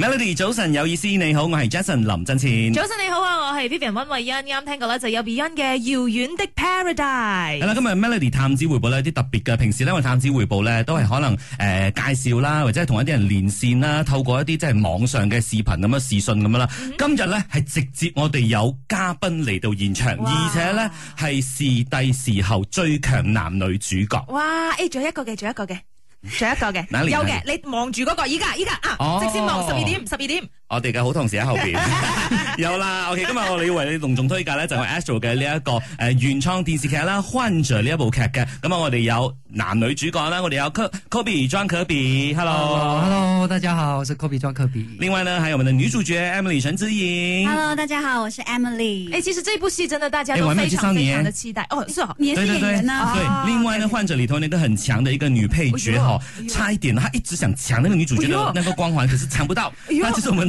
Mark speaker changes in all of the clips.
Speaker 1: Melody，早晨有意思，你好，我係 Jason 林振前。早
Speaker 2: 晨你好啊，我係 Vivian 溫慧欣，啱聽過咧就有 Beyond 嘅遙遠的 Paradise。
Speaker 1: 係啦，今日 Melody 探子回報呢，有啲特別嘅，平時咧我探子回報呢，都係可能誒、呃、介紹啦，或者同一啲人連線啦，透過一啲即係網上嘅視頻咁樣視訊咁啦。今日呢，係直接我哋有嘉賓嚟到現場，而且呢，係視帝時候最強男女主角。
Speaker 2: 哇，誒，仲有一個嘅，仲有一個嘅。仲有一個嘅有嘅，你望住嗰個，依家依家
Speaker 1: 啊，哦、直接望十二點，十二點。我哋嘅好同事喺後邊， 有啦。OK，今日我哋要為你隆重推介呢，就係 Astro 嘅呢一個誒原創電視劇啦，《患者》呢一部劇嘅。咁啊，我哋有男女主角啦，我哋有 Coby 莊可比，Hello，Hello，
Speaker 3: 大家好，我是
Speaker 1: Coby 莊可比。另外呢，還有我們的女主角 Emily 陳子穎，Hello，大家好，我是
Speaker 4: Emily。誒，其實
Speaker 2: 這部戲真的大家都非常非常的期待。哦，是，你也演員呢。對，
Speaker 1: 另外呢，《患者》裏頭那個很強的一個女配角，哈差一點，她一直想搶那個女主角的那個光環，可是搶不到。就是我們。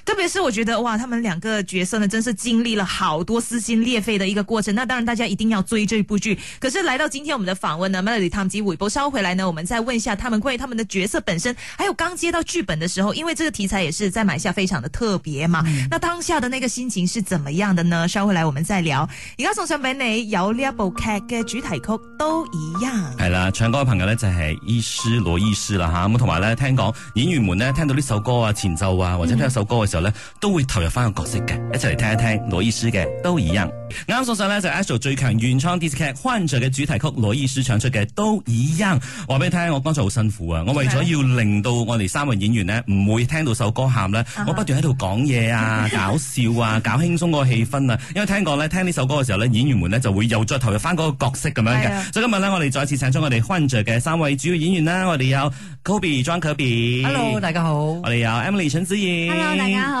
Speaker 2: 其是我覺得哇，他們兩個角色呢，真是經歷了好多撕心裂肺的一個過程。那當然，大家一定要追這一部劇。可是來到今天，我們的訪問呢，Melody 同埋 Jimmy，我稍回來呢，我們再問一下他們關於他們的角色本身，還有剛接到劇本的時候，因為這個題材也是在買下非常的特別嘛，嗯。那當下的那個心情是怎麼樣的呢？稍回來我們再聊。而家送上俾你有呢一部劇嘅主題曲都一樣，
Speaker 1: 係啦，唱歌嘅朋友是呢，就係醫師羅醫師啦吓咁，同埋呢聽講演員們呢，聽到呢首歌啊前奏啊或者聽、嗯、到首歌嘅時候呢。都會投入翻個角色嘅，一齊嚟聽一聽羅伊舒嘅《都已音》啱。啱送上咧就《Astro 最強原創電視劇》《患者》嘅主題曲，羅伊舒唱出嘅《都已音》。話俾你聽，我剛才好辛苦啊！Okay. 我為咗要令到我哋三位演員呢唔會聽到首歌喊咧，uh-huh. 我不斷喺度講嘢啊、 搞笑啊、搞輕鬆個氣氛啊。因為聽講咧，聽呢首歌嘅時候咧，演員們呢就會又再投入翻嗰個角色咁、yeah. 樣嘅。所、so、以今日呢，我哋再一次請出我哋《患者》嘅三位主要演員啦，我哋有 Coby 莊可比，Hello 大家好；我哋有 Emily 陳子穎，Hello 大家好。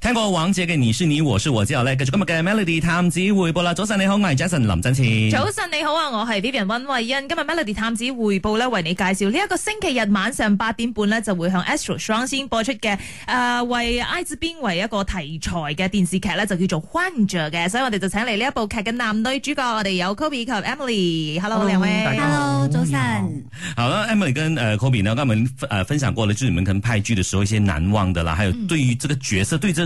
Speaker 1: 聽過王傑嘅你是你我是我之後咧，繼續今日嘅 Melody 探子回報啦。早晨你好，我係 Jason 林振前。早
Speaker 2: 晨你好啊，我係 Vivian 溫慧欣。今日 Melody 探子回報咧，為你介紹呢一、這個星期日晚上八點半咧，就會向 Astro Strong 先播出嘅誒、呃，為愛滋病為一個題材嘅電視劇咧，就叫做《患者》嘅。所以我哋就請嚟呢一部劇嘅男女主角，我哋有 Coby 及 Emily。Hello, hello 兩位 hello，Hello
Speaker 1: 早晨。好啦，Emily 跟誒 Coby 呢，我剛啊，分享過了，就是、你們可能拍劇嘅時候一些難忘的啦，還有對於這個角色，mm. 對